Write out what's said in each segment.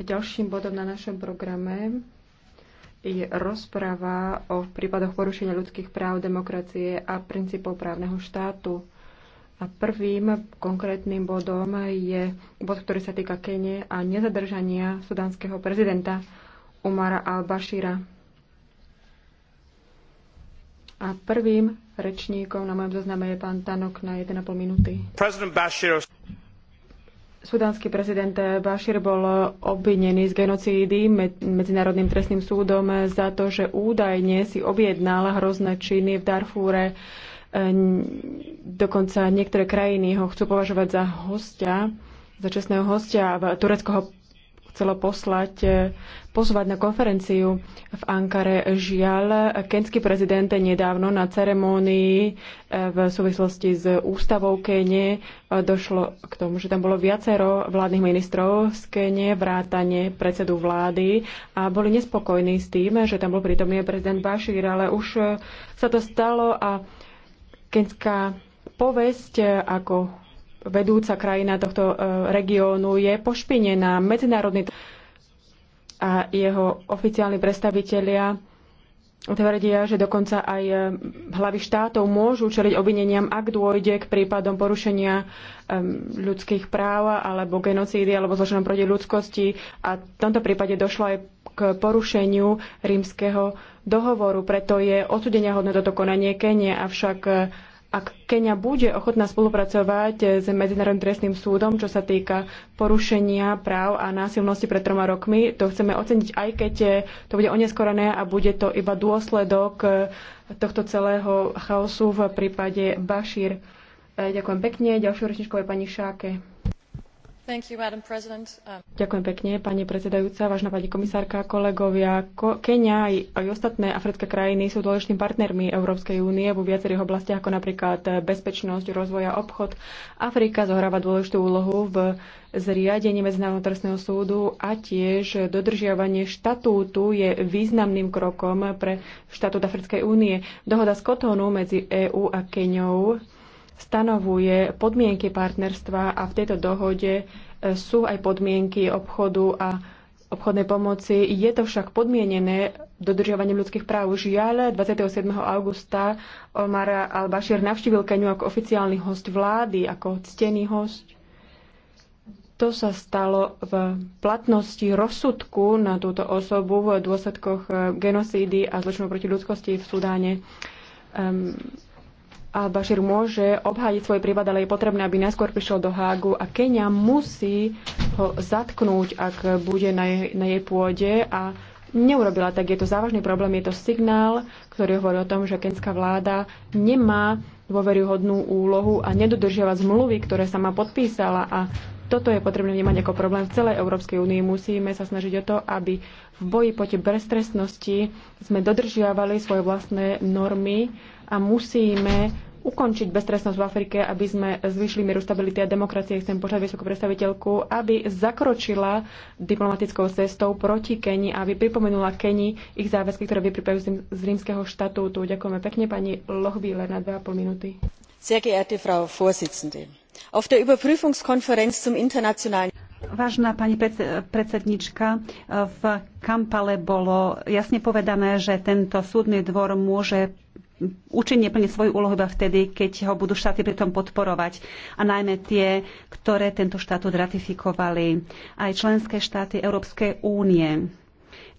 Ďalším bodom na našom programe je rozprava o prípadoch porušenia ľudských práv, demokracie a princípov právneho štátu. A prvým konkrétnym bodom je bod, ktorý sa týka Kene a nezadržania sudánskeho prezidenta Umara al-Bashira. A prvým rečníkom na mojom zozname je pán Tanok na 1,5 minúty. Sudánsky prezident Bashir bol obvinený z genocídy Medzinárodným trestným súdom za to, že údajne si objednal hrozné činy v Darfúre. Ehm, dokonca niektoré krajiny ho chcú považovať za hostia, za čestného hostia. Turecko ho chcelo poslať, e, pozvať na konferenciu v Ankare. Žiaľ, kenský prezident nedávno na ceremónii e, v súvislosti s ústavou Kene e, došlo k tomu, že tam bolo viacero vládnych ministrov z Kene, vrátane predsedu vlády a boli nespokojní s tým, že tam bol prítomný prezident Bashir, ale už sa to stalo a kenská povesť ako vedúca krajina tohto e, regiónu je pošpinená. Medzinárodný a jeho oficiálni predstavitelia tvrdia, že dokonca aj e, hlavy štátov môžu čeliť obvineniam, ak dôjde k prípadom porušenia e, ľudských práv alebo genocídy alebo zloženom proti ľudskosti. A v tomto prípade došlo aj k porušeniu rímskeho dohovoru. Preto je odsudenia hodné toto konanie Kenie, avšak ak Kenia bude ochotná spolupracovať eh, s Medzinárodným trestným súdom, čo sa týka porušenia práv a násilnosti pred troma rokmi, to chceme oceniť, aj keď eh, to bude oneskorené a bude to iba dôsledok eh, tohto celého chaosu v prípade Bašír. Ďakujem pekne. Ďalšou rečničkou je pani Šáke. Um, Ďakujem pekne, pani predsedajúca, vážna pani komisárka, kolegovia. Ko- Kenia aj, aj ostatné africké krajiny sú dôležitými partnermi Európskej únie vo viacerých oblastiach, ako napríklad eh, bezpečnosť, rozvoja, obchod. Afrika zohráva dôležitú úlohu v zriadení Medzinárodného trestného súdu a tiež dodržiavanie štatútu je významným krokom pre štatút Africkej únie. Dohoda z Kotonu medzi EÚ a Keniou stanovuje podmienky partnerstva a v tejto dohode e, sú aj podmienky obchodu a obchodnej pomoci. Je to však podmienené dodržiavaním ľudských práv. Žiaľ, 27. augusta Omar al-Bashir navštívil Keniu ako oficiálny host vlády, ako ctený host. To sa stalo v platnosti rozsudku na túto osobu v dôsledkoch e, genocídy a zločinu proti ľudskosti v Sudáne. Um, al-Bashir môže obhájiť svoj prípad, ale je potrebné, aby najskôr prišiel do Hágu a Kenia musí ho zatknúť, ak bude na jej, na jej pôde a neurobila tak. Je to závažný problém, je to signál, ktorý hovorí o tom, že kenská vláda nemá dôveryhodnú úlohu a nedodržiava zmluvy, ktoré sa má podpísala a toto je potrebné vnímať ako problém v celej Európskej únii. Musíme sa snažiť o to, aby v boji proti beztrestnosti sme dodržiavali svoje vlastné normy a musíme ukončiť beztrestnosť v Afrike, aby sme zvýšili mieru stability a demokracie. Chcem požiadať vysokú predstaviteľku, aby zakročila diplomatickou cestou proti Keni, aby pripomenula Keni ich záväzky, ktoré vypripajú z rímskeho štatútu. Ďakujeme pekne pani Lochbíler na 2,5 minúty frau präsidentin! auf der überprüfungskonferenz zum internationalen. vážená pani predsedníčka v kampale bolo jasne povedané že tento súdny dvor môže účinne plniť svoju úlohu iba vtedy keď ho budú štáty pritom podporovať a najmä tie ktoré tento štatút ratifikovali aj členské štáty európskej únie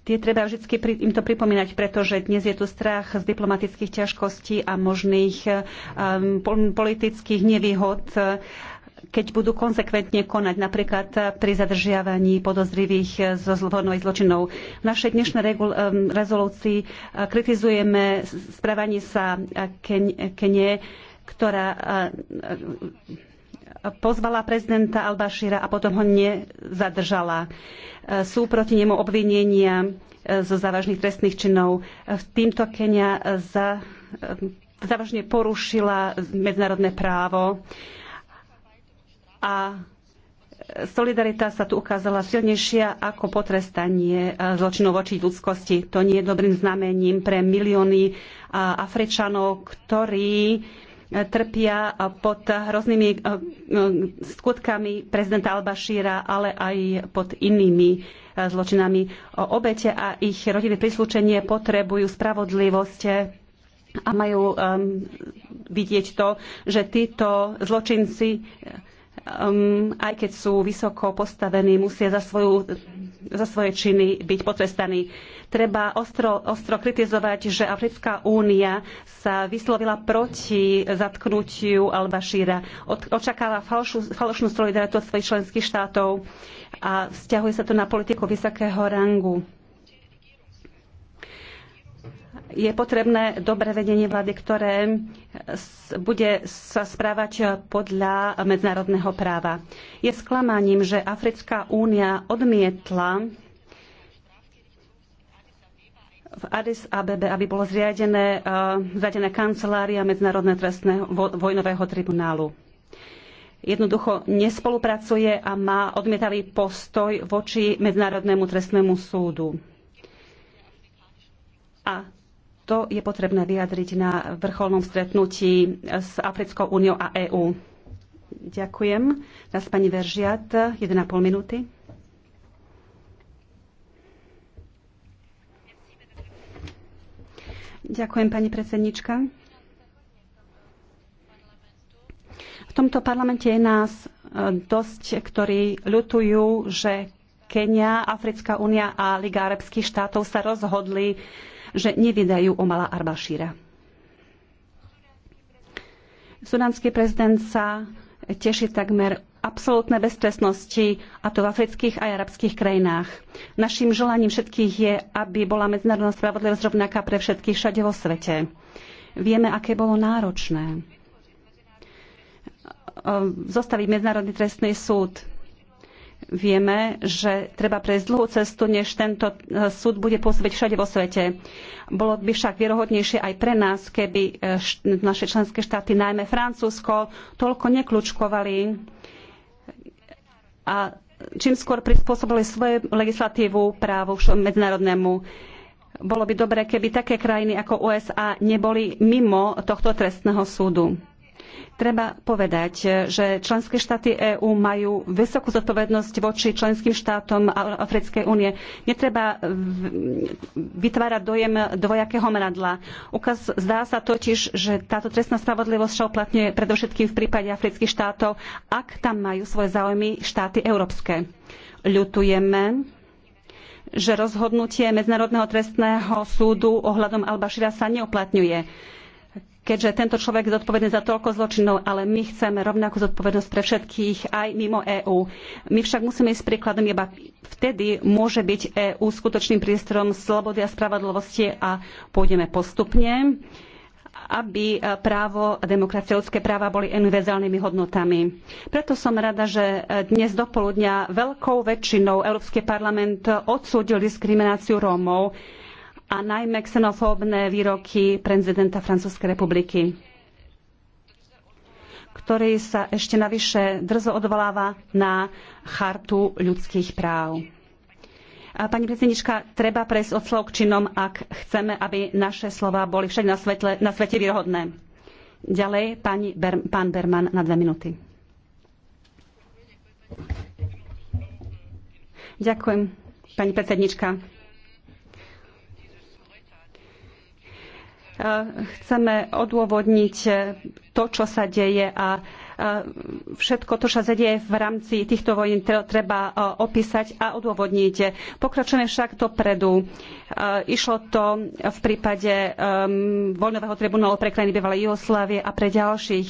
Tie treba vždy im to pripomínať, pretože dnes je tu strach z diplomatických ťažkostí a možných um, politických nevýhod, keď budú konsekventne konať napríklad pri zadržiavaní podozrivých zo vojnových zločinov. V našej dnešnej um, rezolúcii uh, kritizujeme správanie sa Kenie, ktorá uh, pozvala prezidenta Al-Bashira a potom ho nezadržala. Sú proti nemu obvinenia e, zo závažných trestných činov. E, Týmto Kenia e, za, závažne porušila medzinárodné právo a solidarita sa tu ukázala silnejšia ako potrestanie zločinov voči ľudskosti. To nie je dobrým znamením pre milióny Afričanov, ktorí trpia pod hroznými eh, eh, skutkami prezidenta al ale aj pod inými eh, zločinami. Obete a ich rodiny príslušenie potrebujú spravodlivosť a majú vidieť to, že títo zločinci um, aj keď sú vysoko postavení, musia za, svoju, za svoje činy byť potrestaní treba ostro, ostro kritizovať, že Africká únia sa vyslovila proti zatknutiu al bashira Očakáva falšu, falošnú solidaritu od svojich členských štátov a vzťahuje sa to na politiku vysokého rangu je potrebné dobré vedenie vlády, ktoré bude sa správať podľa medzinárodného práva. Je sklamaním, že Africká únia odmietla v Addis ABB, aby bolo zriadené, uh, zriadené kancelária Medzinárodného trestného vojnového tribunálu. Jednoducho nespolupracuje a má odmietavý postoj voči Medzinárodnému trestnému súdu. A to je potrebné vyjadriť na vrcholnom stretnutí s Africkou úniou a EÚ. Ďakujem. Nás pani Veržiat, 1,5 minúty. Ďakujem, pani predsednička. V tomto parlamente je nás e, dosť, ktorí ľutujú, že Kenia, Africká únia a Liga arabských štátov sa rozhodli, že nevydajú Omala Arbašíra. Sudánsky prezident sa teší takmer absolútne beztrestnosti, a to v afrických aj arabských krajinách. Naším želaním všetkých je, aby bola medzinárodná spravodlivosť rovnaká pre všetkých všade vo svete. Vieme, aké bolo náročné eh, zostaviť Medzinárodný trestný súd. Vieme, že treba prejsť dlhú cestu, než tento eh, súd bude pôsobiť všade vo svete. Bolo by však vierohodnejšie aj pre nás, keby eh, naše členské štáty, najmä Francúzsko, toľko nekľúčkovali a čím skôr prispôsobili svoju legislatívu právu medzinárodnému. Bolo by dobre, keby také krajiny ako USA neboli mimo tohto trestného súdu. Treba povedať, že členské štáty EÚ majú vysokú zodpovednosť voči členským štátom Africkej únie. Netreba vytvárať dojem dvojakého meradla. Ukaz, zdá sa totiž, že táto trestná spravodlivosť sa uplatňuje predovšetkým v prípade afrických štátov, ak tam majú svoje záujmy štáty európske. Ľutujeme, že rozhodnutie Medzinárodného trestného súdu ohľadom Albašira sa neuplatňuje keďže tento človek je zodpovedný za toľko zločinov, ale my chceme rovnakú zodpovednosť pre všetkých aj mimo EÚ. My však musíme ísť príkladom, iba vtedy môže byť EÚ skutočným priestorom slobody a spravodlivosti a pôjdeme postupne aby e, právo a demokracia, ľudské práva boli univerzálnymi hodnotami. Preto som rada, že e, dnes dopoludňa veľkou väčšinou Európsky parlament odsúdil diskrimináciu Rómov a najmä xenofóbne výroky prezidenta Francúzskej republiky, ktorý sa ešte navyše drzo odvoláva na chartu ľudských práv. A pani predsednička, treba prejsť od slov k činom, ak chceme, aby naše slova boli všade na, svetle, na svete výhodné. Ďalej pani Ber, pán Berman na dve minúty. Ďakujem, pani predsednička chceme odôvodniť e, to, čo sa deje a všetko to, čo sa deje v rámci týchto vojen, treba e, opísať a odôvodniť. Pokračujeme však dopredu. E, išlo to v prípade voľnového tribunálu pre krajiny bývalej Jugoslávie a pre ďalších.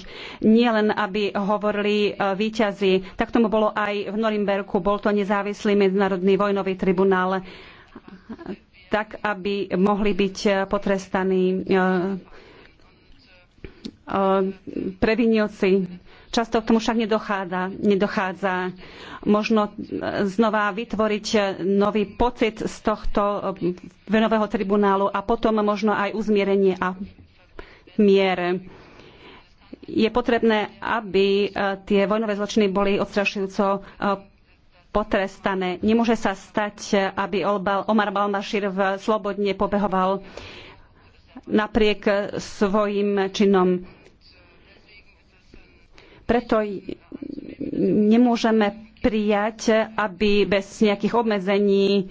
Nie len, aby hovorili výťazi. Tak tomu bolo aj v Norimberku. Bol to nezávislý medzinárodný vojnový tribunál tak aby mohli byť e, potrestaní e, e, previnilci. Často k tomu však nedochádza. nedochádza. Možno znova vytvoriť nový pocit z tohto venového tribunálu a potom možno aj uzmierenie a mier. Je potrebné, aby tie vojnové zločiny boli odstrašujúco potrestané. Nemôže sa stať, aby Omar Balmašir slobodne pobehoval napriek svojim činom. Preto nemôžeme prijať, aby bez nejakých obmedzení e,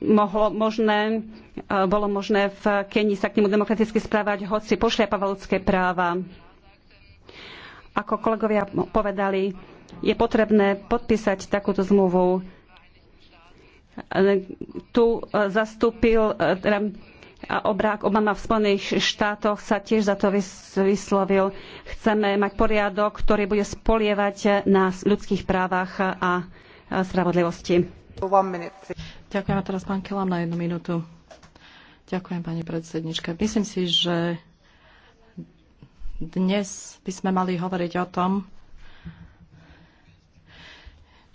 mohlo možné, e, bolo možné v Kenii sa k nemu demokraticky správať, hoci pošliapava ľudské práva. Ako kolegovia povedali, je potrebné podpísať takúto zmluvu. E, tu e, zastúpil e, teda, a Obrák Obama v Spojených štátoch sa tiež za to vyslovil. Chceme mať poriadok, ktorý bude spolievať na ľudských právach a spravodlivosti. Ďakujem a teraz pán Kelam na jednu minútu. Ďakujem, pani predsednička. Myslím si, že dnes by sme mali hovoriť o tom,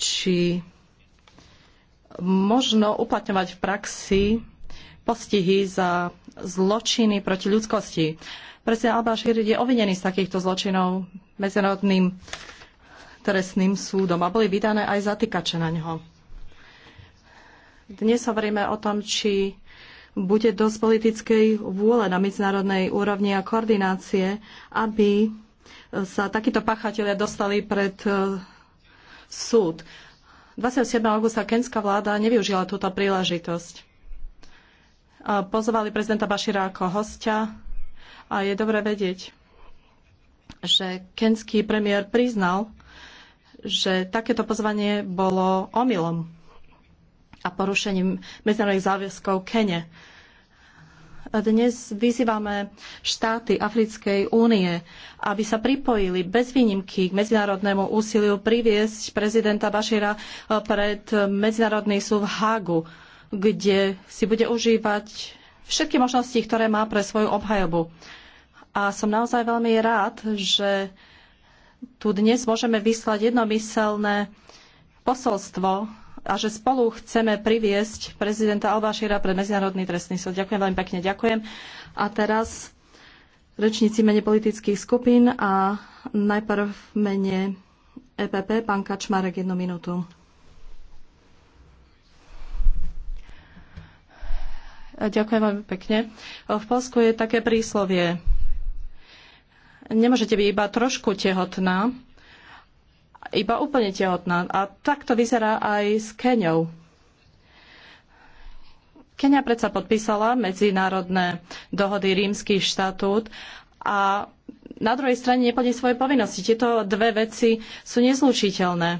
či možno uplatňovať v praxi postihy za zločiny proti ľudskosti. Prezident Al-Bashir je ovinený z takýchto zločinov medzinárodným trestným súdom a boli vydané aj zatýkače na ňo. Dnes hovoríme o tom, či bude dosť politickej vôle na medzinárodnej úrovni a koordinácie, aby e, sa takíto pachatelia dostali pred e, súd. 27. augusta kenská vláda nevyužila túto príležitosť. E, pozvali prezidenta Bašira ako hostia a je dobre vedieť, že kenský premiér priznal, že takéto pozvanie bolo omylom a porušením medzinárodných záväzkov Kene. Dnes vyzývame štáty Africkej únie, aby sa pripojili bez výnimky k medzinárodnému úsiliu priviesť prezidenta Bašíra eh, pred Medzinárodný súd v Hagu, kde si bude užívať všetky možnosti, ktoré má pre svoju obhajobu. A som naozaj veľmi rád, že tu dnes môžeme vyslať jednomyselné posolstvo a že spolu chceme priviesť prezidenta Albašíra pred Medzinárodný trestný súd. Ďakujem veľmi pekne, ďakujem. A teraz rečníci mene politických skupín a najprv mene EPP, pán Kačmarek, jednu minútu. Ďakujem veľmi pekne. V Polsku je také príslovie. Nemôžete byť iba trošku tehotná, iba úplne tehotná. A tak to vyzerá aj s Keňou. Kenia predsa podpísala medzinárodné dohody, rímsky štatút a na druhej strane neplní svoje povinnosti. Tieto dve veci sú nezlučiteľné.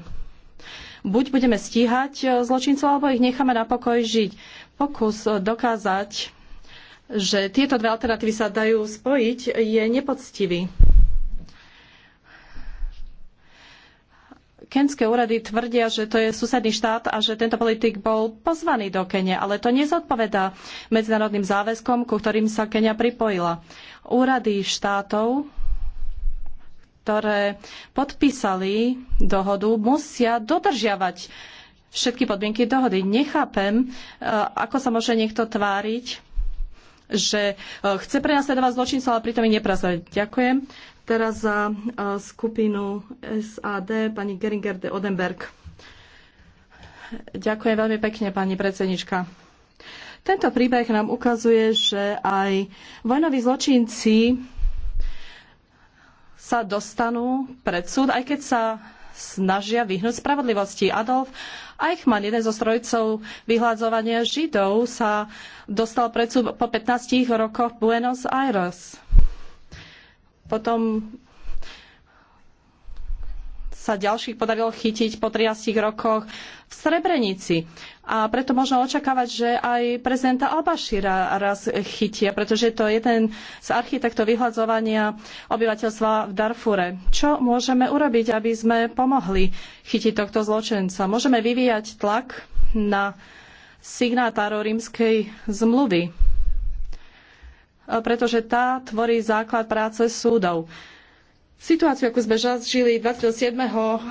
Buď budeme stíhať zločincov, alebo ich necháme na pokoj žiť. Pokus dokázať, že tieto dve alternatívy sa dajú spojiť, je nepoctivý. Kenské úrady tvrdia, že to je susedný štát a že tento politik bol pozvaný do Kene, ale to nezodpovedá medzinárodným záväzkom, ku ktorým sa Kenia pripojila. Úrady štátov ktoré podpísali dohodu, musia dodržiavať všetky podmienky dohody. Nechápem, e, ako sa môže niekto tváriť, že e, chce prenasledovať zločincov, ale pritom ich neprazuje. Ďakujem. Teraz za e, skupinu SAD pani Geringer de Odenberg. Ďakujem veľmi pekne, pani predsednička. Tento príbeh nám ukazuje, že aj vojnoví zločinci sa dostanú pred súd, aj keď sa snažia vyhnúť spravodlivosti. Adolf Eichmann, jeden zo strojcov vyhľadzovania Židov, sa dostal pred súd po 15 rokoch v Buenos Aires potom sa ďalších podarilo chytiť po 13 rokoch v Srebrenici. A preto možno očakávať, že aj prezidenta Albašíra raz chytia, pretože to je jeden z architektov vyhľadzovania obyvateľstva v Darfure. Čo môžeme urobiť, aby sme pomohli chytiť tohto zločenca? Môžeme vyvíjať tlak na signátárov rímskej zmluvy pretože tá tvorí základ práce súdov. Situáciu, ako sme žili 27.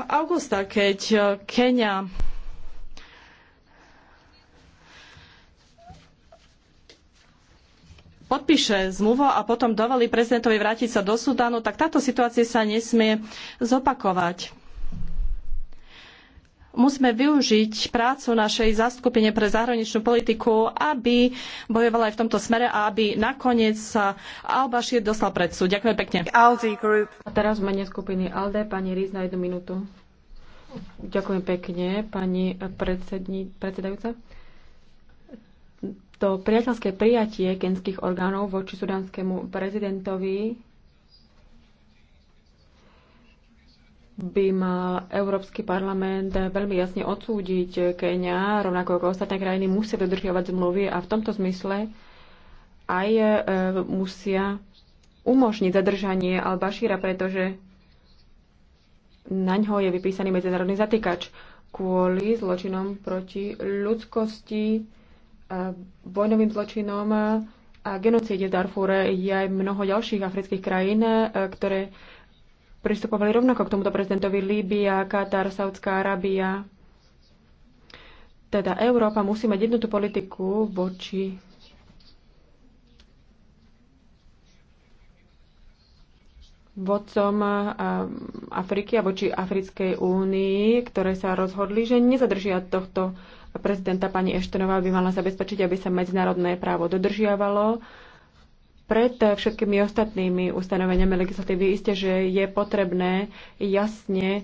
augusta, keď eh, Kenia podpíše zmluvu a potom dovolí prezidentovi vrátiť sa do Sudánu, tak táto situácia sa nesmie zopakovať musíme využiť prácu našej záskupine pre zahraničnú politiku, aby bojovala aj v tomto smere a aby nakoniec sa Al-Bashir dostal pred súd. Ďakujem pekne. A teraz v mene skupiny ALDE, pani Riz na jednu minútu. Ďakujem pekne, pani predsedni, predsedajúca. To priateľské prijatie kenských orgánov voči sudanskému prezidentovi by mal Európsky parlament veľmi jasne odsúdiť Kenia, rovnako ako ostatné krajiny, musia dodržiavať zmluvy a v tomto zmysle aj e, musia umožniť zadržanie Al-Bashira, pretože na ňo je vypísaný medzinárodný zatýkač kvôli zločinom proti ľudskosti, e, vojnovým zločinom a genocíde v Darfúre. Je aj mnoho ďalších afrických krajín, e, ktoré pristupovali rovnako k tomuto prezidentovi Líbia, Katar, Saudská Arábia. Teda Európa musí mať jednotú politiku voči vodcom Afriky a voči Africkej únii, ktoré sa rozhodli, že nezadržia tohto prezidenta pani Eštenová, by mala zabezpečiť, aby sa medzinárodné právo dodržiavalo pred všetkými ostatnými ustanoveniami legislatívy. Isté, že je potrebné jasne e,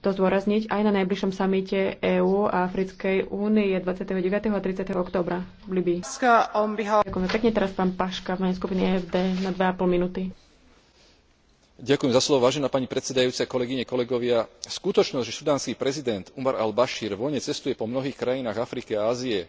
to zdôrazniť aj na najbližšom samite EÚ a Africkej únie 29. a 30. oktobra v Libii. Ďakujem pekne teraz pán Paška v mojej skupiny EFD na 2,5 minúty. Ďakujem za slovo, vážená pani predsedajúca, kolegyne, kolegovia. Skutočnosť, že sudánsky prezident Umar al-Bashir voľne cestuje po mnohých krajinách Afriky a Ázie,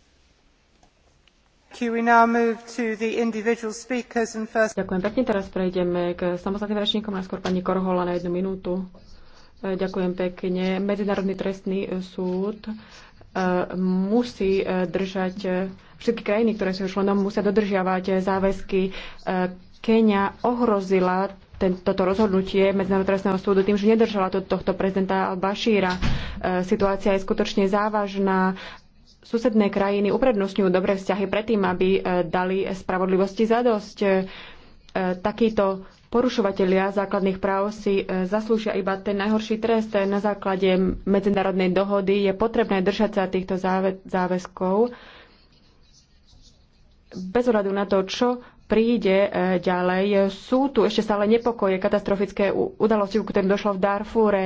Ďakujem pekne, teraz prejdeme k samostatným rečníkom, najskôr pani Korhola na jednu minútu. E, ďakujem pekne. Medzinárodný trestný e, súd e, musí držať, všetky krajiny, ktoré sú členom, musia dodržiavať záväzky. Kenia ohrozila toto rozhodnutie Medzinárodného trestného súdu tým, že nedržala to, tohto prezidenta Bašíra. E, situácia je skutočne závažná susedné krajiny uprednostňujú dobré vzťahy predtým, aby e, dali spravodlivosti zadosť. E, takíto porušovatelia základných práv si e, zaslúžia iba ten najhorší trest. Na základe medzinárodnej dohody je potrebné držať sa týchto záväzkov bez ohľadu na to, čo príde e, ďalej. Sú tu ešte stále nepokoje, katastrofické udalosti, ku ktorým došlo v Darfúre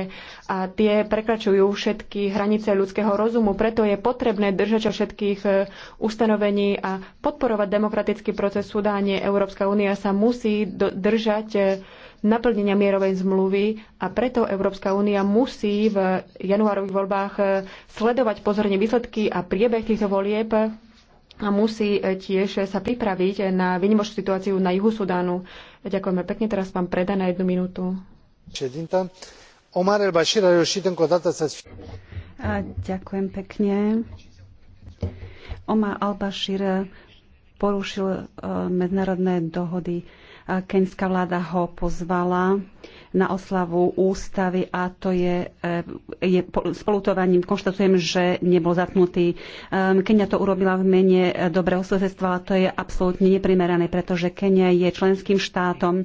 a tie prekračujú všetky hranice ľudského rozumu. Preto je potrebné držať všetkých e, ustanovení a podporovať demokratický proces v Sudáne. Európska únia sa musí držať e, naplnenia mierovej zmluvy a preto Európska únia musí v januárových voľbách sledovať pozorne výsledky a priebeh týchto volieb a musí e, tiež sa pripraviť na výnimočnú situáciu na juhu Sudánu. Ďakujeme pekne. Teraz vám Preda na jednu minútu. Omar el-Bashir a reușit încă o dată să Ďakujem pekne. Omar al-Bashir porušil e, medzinárodné dohody. Keňská vláda ho pozvala na oslavu ústavy a to je, e, je s polutovaním konštatujem, že nebol zatnutý. E, Kenia to urobila v mene dobrého susedstva, ale to je absolútne neprimerané, pretože Kenia je členským štátom e,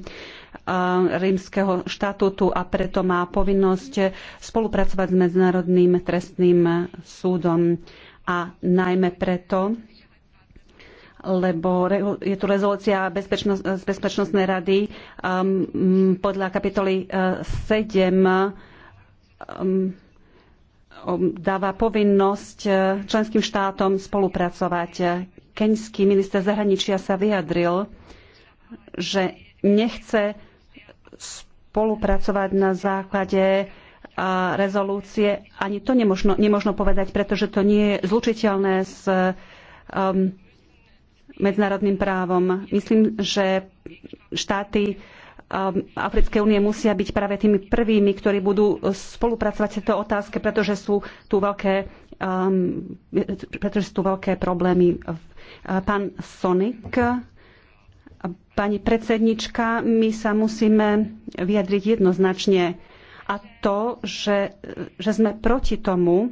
rímskeho štatútu a preto má povinnosť spolupracovať s Medzinárodným trestným súdom a najmä preto, lebo je tu rezolúcia bezpečnosť, Bezpečnostnej rady um, podľa kapitoly 7 uh, um, um, dáva povinnosť uh, členským štátom spolupracovať. Keňský minister zahraničia sa vyjadril, že nechce spolupracovať na základe uh, rezolúcie. Ani to nemožno, nemožno povedať, pretože to nie je zlučiteľné s um, medzinárodným právom. Myslím, že štáty um, Africkej únie musia byť práve tými prvými, ktorí budú spolupracovať v tejto otázke, pretože sú tu veľké, um, pretože sú tu veľké problémy. Pán Sonik, pani predsednička, my sa musíme vyjadriť jednoznačne a to, že, že sme proti tomu,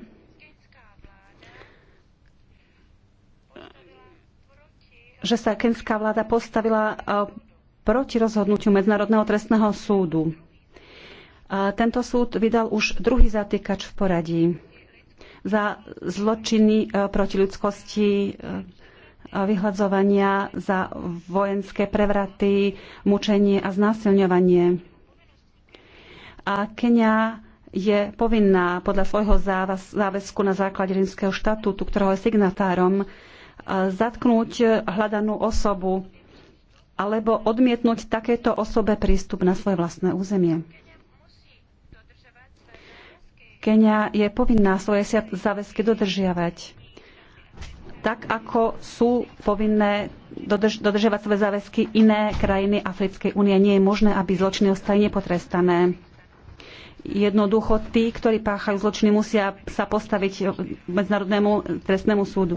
že sa kenská vláda postavila e, proti rozhodnutiu Medzinárodného trestného súdu. tento súd vydal už druhý zatýkač v poradí za zločiny e, proti ľudskosti, e, vyhľadzovania, za vojenské prevraty, mučenie a znásilňovanie. A Kenia je povinná podľa svojho záväzku na základe rímskeho štatútu, ktorého je signatárom, zatknúť hľadanú osobu alebo odmietnúť takéto osobe prístup na svoje vlastné územie. Kenia je povinná svoje záväzky dodržiavať tak ako sú povinné dodrž- dodržiavať svoje záväzky iné krajiny Africkej únie. Nie je možné, aby zločiny ostali nepotrestané. Jednoducho tí, ktorí páchajú zločiny, musia sa postaviť Medzinárodnému trestnému súdu.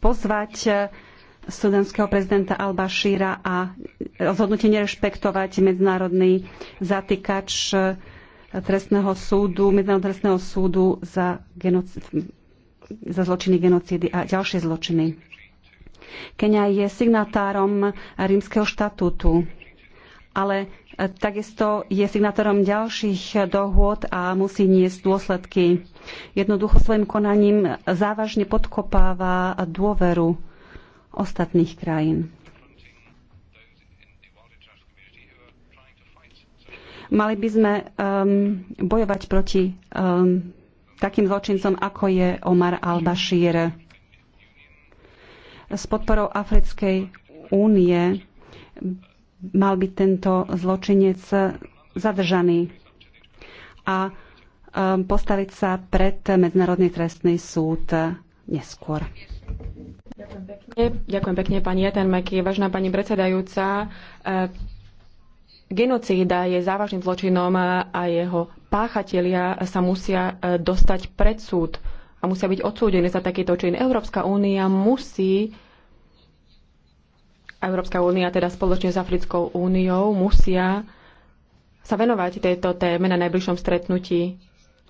pozvať sudanského eh, prezidenta Al-Bashíra a rozhodnutie nerešpektovať medzinárodný zatýkač eh, trestného súdu, medzinárodného trestného súdu za, genoc- za zločiny genocídy a ďalšie zločiny. Kenia je signatárom rímskeho štatútu, ale Takisto je signátorom ďalších dohôd a musí niesť dôsledky. Jednoducho svojim konaním závažne podkopáva dôveru ostatných krajín. Mali by sme um, bojovať proti um, takým zločincom, ako je Omar al-Bashir. S podporou Africkej únie mal byť tento zločinec zadržaný a um, postaviť sa pred Medzinárodný trestný súd neskôr. Ďakujem pekne, Ďakujem pekne pani Jatenmeky, Vážená pani predsedajúca, eh, genocída je závažným zločinom a jeho páchatelia sa musia eh, dostať pred súd a musia byť odsúdení za takýto čin. Európska únia musí Európska únia teda spoločne s Africkou úniou musia sa venovať tejto téme na najbližšom stretnutí.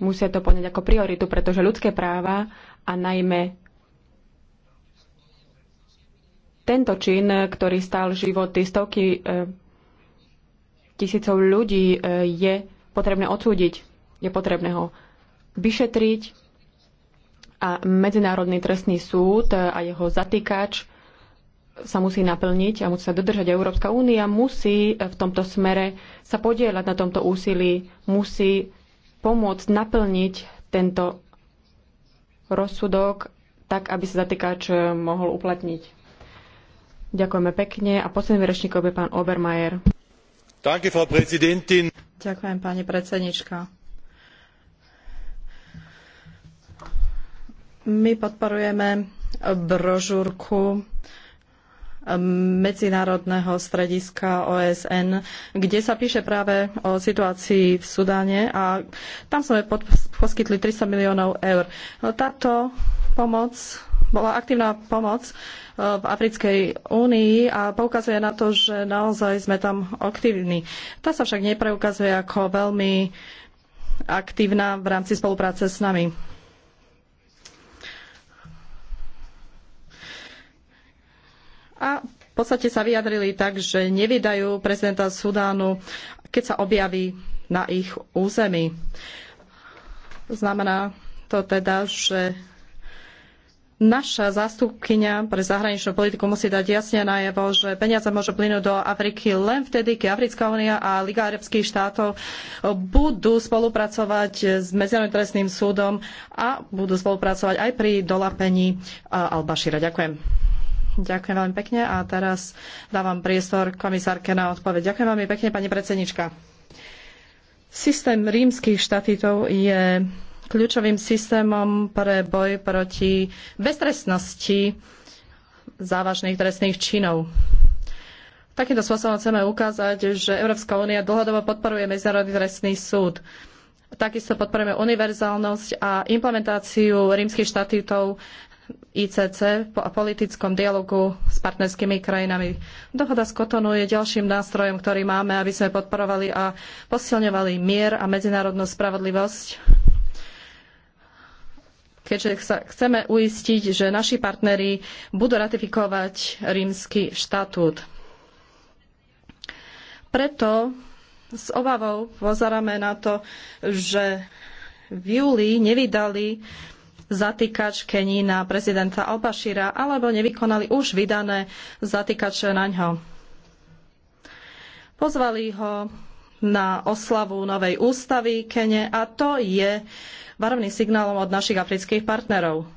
Musia to poňať ako prioritu, pretože ľudské práva a najmä tento čin, ktorý stál životy stovky e, tisícov ľudí, e, je potrebné odsúdiť. Je potrebné ho vyšetriť a Medzinárodný trestný súd a jeho zatýkač sa musí naplniť a musí sa dodržať. Európska únia musí v tomto smere sa podielať na tomto úsilí, musí pomôcť naplniť tento rozsudok tak, aby sa zatýkač mohol uplatniť. Ďakujeme pekne a posledným rečníkom je pán Obermajer. Ďakujem, pani predsednička. My podporujeme brožúrku medzinárodného strediska OSN, kde sa píše práve o situácii v Sudáne a tam sme poskytli 300 miliónov eur. Táto pomoc bola aktívna pomoc e, v Africkej únii a poukazuje na to, že naozaj sme tam aktívni. Tá sa však nepreukazuje ako veľmi aktívna v rámci spolupráce s nami. a v podstate sa vyjadrili tak, že nevydajú prezidenta Sudánu, keď sa objaví na ich území. Znamená to teda, že naša zástupkynia pre zahraničnú politiku musí dať jasne najavo, že peniaze môžu plynúť do Afriky len vtedy, keď Africká únia a Liga arabských štátov budú spolupracovať s Medzinárodným trestným súdom a budú spolupracovať aj pri dolapení eh, al Ďakujem. Ďakujem veľmi pekne a teraz dávam priestor komisárke na odpoveď. Ďakujem veľmi pekne, pani predsednička. Systém rímskych štatítov je kľúčovým systémom pre boj proti beztrestnosti závažných trestných činov. Takýmto spôsobom chceme ukázať, že Európska únia dlhodobo podporuje Medzinárodný trestný súd. Takisto podporujeme univerzálnosť a implementáciu rímskych štatítov ICC a politickom dialogu s partnerskými krajinami. Dohoda z Kotonu je ďalším nástrojom, ktorý máme, aby sme podporovali a posilňovali mier a medzinárodnú spravodlivosť keďže sa chceme uistiť, že naši partneri budú ratifikovať rímsky štatút. Preto s obavou pozeráme na to, že v júli nevydali zatýkač Kení na prezidenta Albašíra alebo nevykonali už vydané zatýkače na ňo. Pozvali ho na oslavu novej ústavy Kene a to je varovným signálom od našich afrických partnerov.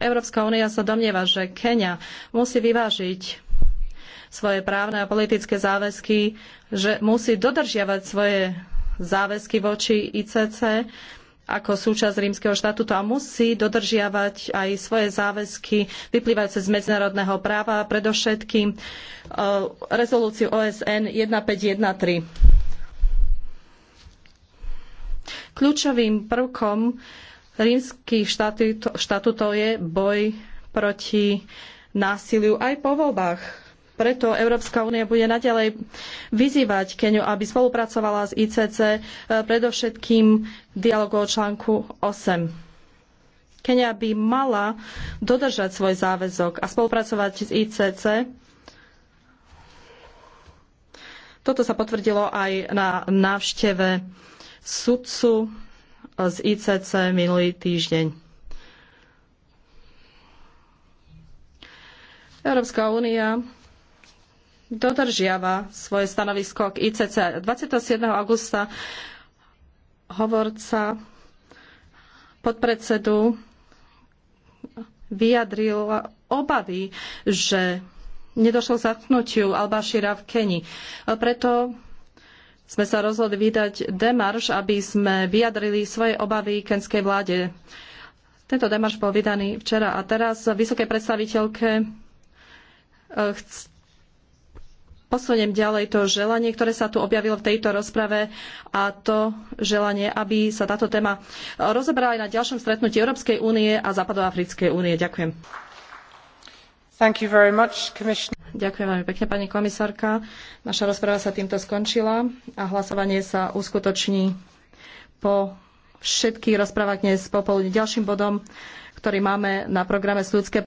Európska únia sa domnieva, že Kenia musí vyvážiť svoje právne a politické záväzky, že musí dodržiavať svoje záväzky voči ICC ako súčasť rímskeho štatútu a musí dodržiavať aj svoje záväzky vyplývajúce z medzinárodného práva, predovšetkým e, rezolúciu OSN 1513. Kľúčovým prvkom rímskych štatútov je boj proti násiliu aj po voľbách preto Európska únia bude naďalej vyzývať Keniu, aby spolupracovala s ICC, eh, predovšetkým dialogu o článku 8. Kenia by mala dodržať svoj záväzok a spolupracovať s ICC. Toto sa potvrdilo aj na návšteve sudcu z ICC minulý týždeň. Európska únia dodržiava svoje stanovisko k ICC. 27. augusta hovorca podpredsedu vyjadril obavy, že nedošlo k zatknutiu Albašíra v Keni. Preto sme sa rozhodli vydať demarš, aby sme vyjadrili svoje obavy kenskej vláde. Tento demarš bol vydaný včera a teraz vysokej predstaviteľke eh, posuniem ďalej to želanie, ktoré sa tu objavilo v tejto rozprave a to želanie, aby sa táto téma rozoberala aj na ďalšom stretnutí Európskej únie a Západoafrickej únie. Ďakujem. Much, Ďakujem veľmi pekne, pani komisárka. Naša rozpráva sa týmto skončila a hlasovanie sa uskutoční po všetkých rozprávach dnes popoludne. Ďalším bodom, ktorý máme na programe sú ľudské